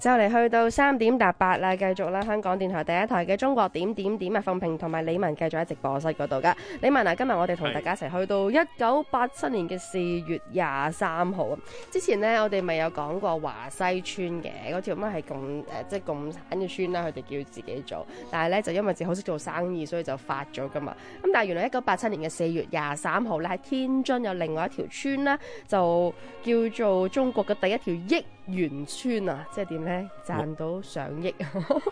就嚟去到三點搭八啦，繼續啦，香港電台第一台嘅中國點點點啊，鳳萍同埋李文繼續喺直播室嗰度噶。李文啊，今日我哋同大家一齊去到一九八七年嘅四月廿三號。之前呢，我哋咪有講過華西村嘅嗰條咩係共誒、呃，即係共產嘅村啦，佢哋叫自己做，但係呢就因為自己好識做生意，所以就發咗噶嘛。咁但係原來一九八七年嘅四月廿三號咧，喺天津有另外一條村啦，就叫做中國嘅第一條億元村啊，即係點咧？賺到上億，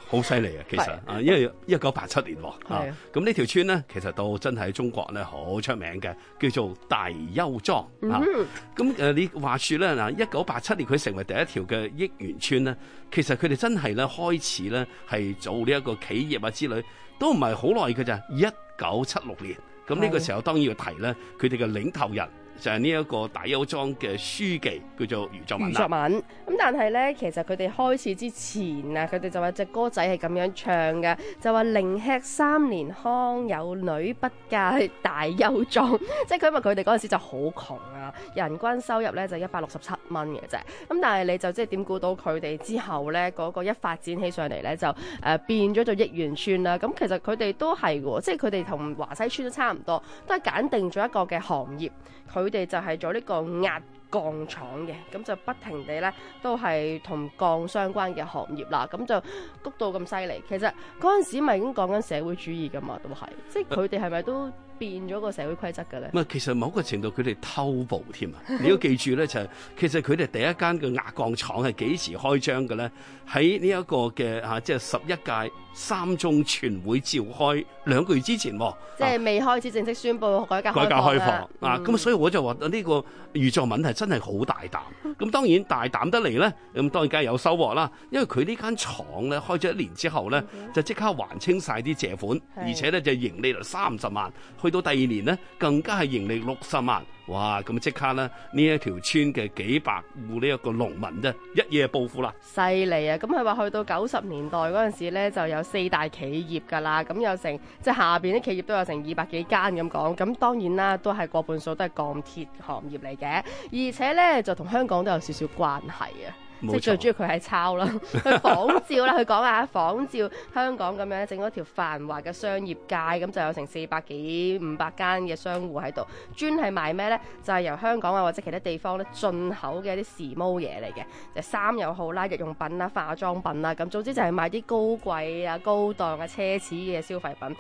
好犀利啊！其實啊，因為一九八七年，吓咁呢條村咧，其實都真係喺中國咧好出名嘅，叫做大邱莊啊。咁誒、嗯哼啊，你話說咧嗱，一九八七年佢成為第一條嘅億元村咧，其實佢哋真係咧開始咧係做呢一個企業啊之類，都唔係好耐嘅咋。佢就係一九七六年，咁呢個時候當然要提咧，佢哋嘅領頭人。就係呢一個大邱莊嘅書記叫做余作敏啦。作敏咁，但係咧，其實佢哋開始之前啊，佢哋就話隻歌仔係咁樣唱嘅，就話寧吃三年糠，有女不嫁大邱莊，即係佢因為佢哋陣時就好窮啊。人均收入咧就一百六十七蚊嘅啫，咁但係你就即係點估到佢哋之後咧嗰、那個一發展起上嚟咧，就誒、呃、變咗做億元村啦，咁其實佢哋都係嘅，即係佢哋同華西村都差唔多，都係揀定咗一個嘅行業，佢哋就係做呢個壓鋼廠嘅，咁就不停地咧都係同鋼相關嘅行業啦，咁就谷到咁犀利。其實嗰陣時咪已經講緊社會主義噶嘛，都係，即係佢哋係咪都？變咗個社會規則㗎咧，唔係其實某個程度佢哋偷步添啊！你要記住咧，就係、係、其實佢哋第一間嘅壓鋼廠係幾時開張嘅咧？喺呢一個嘅嚇，即係十一屆三中全會召開兩個月之前、啊、即係未開始正式宣布改革開放啊！咁、嗯啊嗯、所以我就話呢個預作問題真係好大膽。咁當然大膽得嚟咧，咁當然梗係有收穫啦。因為佢呢間廠咧開咗一年之後咧，就即刻還清晒啲借款，而且咧就盈利嚟三十萬。去到第二年呢，更加係盈利六十萬，哇！咁即刻呢，呢一條村嘅幾百戶呢一個農民啫，一夜暴富啦，犀利啊！咁佢話去到九十年代嗰陣時呢，就有四大企業噶啦，咁有成即係下邊啲企業都有成二百幾間咁講，咁當然啦，都係過半數都係鋼鐵行業嚟嘅，而且呢，就同香港都有少少關係啊。即係最主要，佢係抄啦，佢仿照啦，佢 講啊仿照香港咁樣整嗰條繁華嘅商業街，咁就有成四百幾五百間嘅商戶喺度，專係賣咩呢？就係、是、由香港啊或者其他地方咧進口嘅一啲時髦嘢嚟嘅，就係衫又好啦、日用品啦、化妝品啦，咁總之就係賣啲高貴啊、高檔啊、奢侈嘅消費品。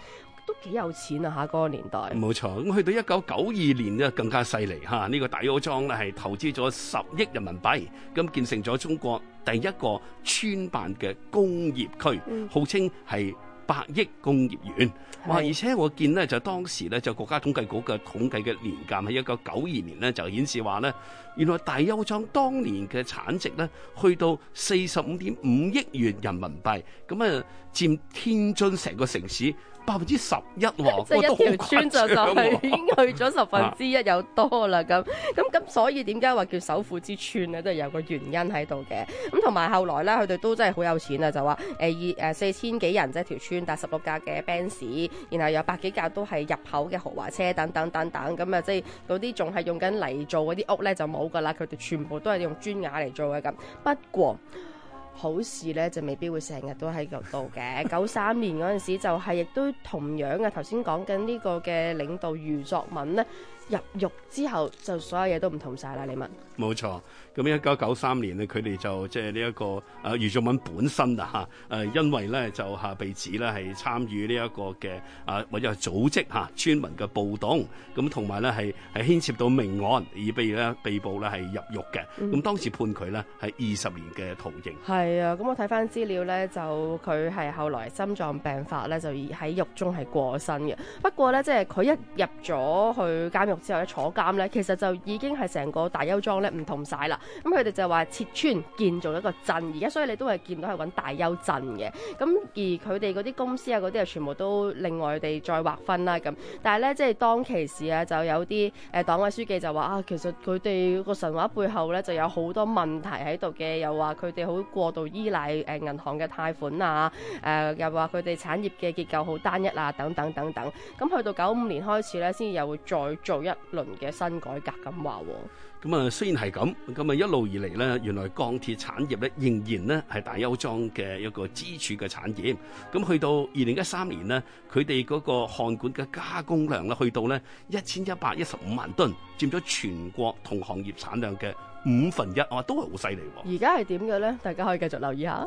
都幾有錢啊！嚇，嗰個年代冇錯。咁去到一九九二年啊，更加犀利嚇。呢個大邱莊咧係投資咗十億人民幣咁，建成咗中國第一個村辦嘅工業區，嗯、號稱係百億工業園哇！嗎而且我見呢，就當時呢，就國家統計局嘅統計嘅年鑑喺一九九二年呢，就顯示話呢，原來大邱莊當年嘅產值呢，去到四十五點五億元人民幣咁啊，佔天津成個城市。百分之，十一即係一條村就就係已經去咗十分之一有多啦，咁，咁咁 所以點解話叫首富之村咧？都係有個原因喺度嘅。咁同埋後來咧，佢哋都真係好有錢啊！就話誒二誒四千幾人即係、就是、條村，但十六架嘅賓士，然後有百幾架都係入口嘅豪華車，等等等等。咁、嗯、啊，即係嗰啲仲係用緊泥做嗰啲屋咧，就冇噶啦。佢哋全部都係用磚瓦嚟做嘅咁。不過。好事咧就未必會成日都喺度嘅。 九三年嗰陣時就係亦都同樣啊，頭先講緊呢個嘅領導禹作敏呢。入獄之後就所有嘢都唔同晒啦，你問？冇錯，咁一九九三年咧，佢哋就即係呢一個啊禹作敏本身啦嚇，誒、啊、因為咧就嚇被指咧係參與呢一個嘅啊或者係組織嚇村民嘅暴動，咁同埋咧係係牽涉到命案而被咧被捕咧係入獄嘅，咁、嗯、當時判佢咧係二十年嘅徒刑。係啊，咁我睇翻資料咧就佢係後來心臟病發咧就喺獄中係過身嘅。不過咧即係佢一入咗去監獄。之後咧坐監咧，其實就已經係成個大邱莊咧唔同晒啦。咁佢哋就話撤村建造一個鎮，而家所以你都係見到係揾大邱鎮嘅。咁而佢哋嗰啲公司啊，嗰啲啊，全部都另外地再劃分啦咁。但係咧，即係當其時啊，就，是、就有啲誒黨委書記就話啊，其實佢哋個神話背後咧就有好多問題喺度嘅，又話佢哋好過度依賴誒銀行嘅貸款啊，誒、呃、又話佢哋產業嘅結構好單一啊，等等等等。咁去到九五年開始咧，先至又會再做。一輪嘅新改革咁話，咁啊、嗯、雖然係咁，咁啊一路以嚟咧，原來鋼鐵產業咧仍然咧係大邱莊嘅一個支柱嘅產業。咁、嗯、去到二零一三年咧，佢哋嗰個焊管嘅加工量咧，去到咧一千一百一十五萬噸，佔咗全國同行業產量嘅五分一啊，都係好犀利。而家係點嘅咧？大家可以繼續留意下。